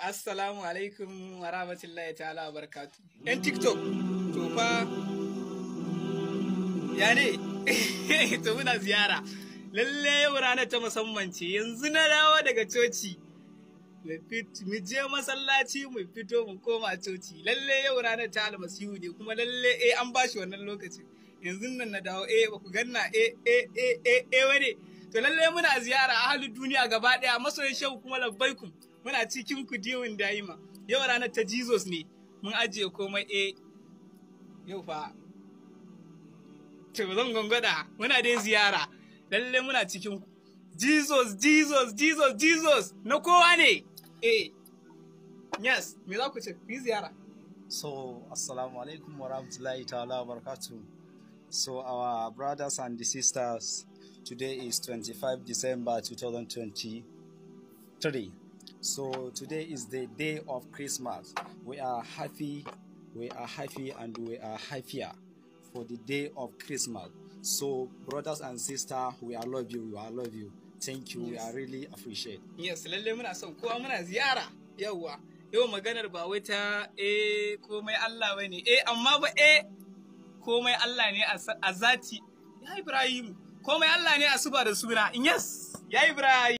assalamu alaikum wa rahmatullahi ta'ala wa barakatu. Yan TikTok, to fa ya ne, to muna ziyara. Lalle yau ranar ta musamman ce, yanzu na dawo daga coci. Mu je masallaci mu fito mu koma coci. Lalle yau ranar ta almasihu ne kuma lalle eh an bashi wannan lokacin. Yanzu nan na dawo eh ba ku ganna eh eh eh eh eh wane. To lalle muna ziyara a halin duniya gaba daya masoyin shehu kuma labbaikum. muna cikin ku diwin daima yau ranar ta jesus ne mun ajiye komai e yau fa to zan gwangwada muna dai ziyara lalle muna cikin ku jesus jesus jesus jesus na kowa ne eh yes me za ku ce ku yi ziyara so assalamu alaikum wa rahmatullahi ta'ala wa barakatuh so our brothers and the sisters today is 25 december 2023 So today is the day of Christmas. We are happy, we are happy, and we are happier for the day of Christmas. So, brothers and sisters, we are love you, we are love you. Thank you, yes. we are really appreciate. Yes, lalle muna son kowa muna ziyara. Yawwa, yau maganar ba wai ta eh komai Allah bane. Eh amma ba eh komai Allah ne a zati. Ya Ibrahim, komai Allah ne a suba da suna. Yes, ya Ibrahim.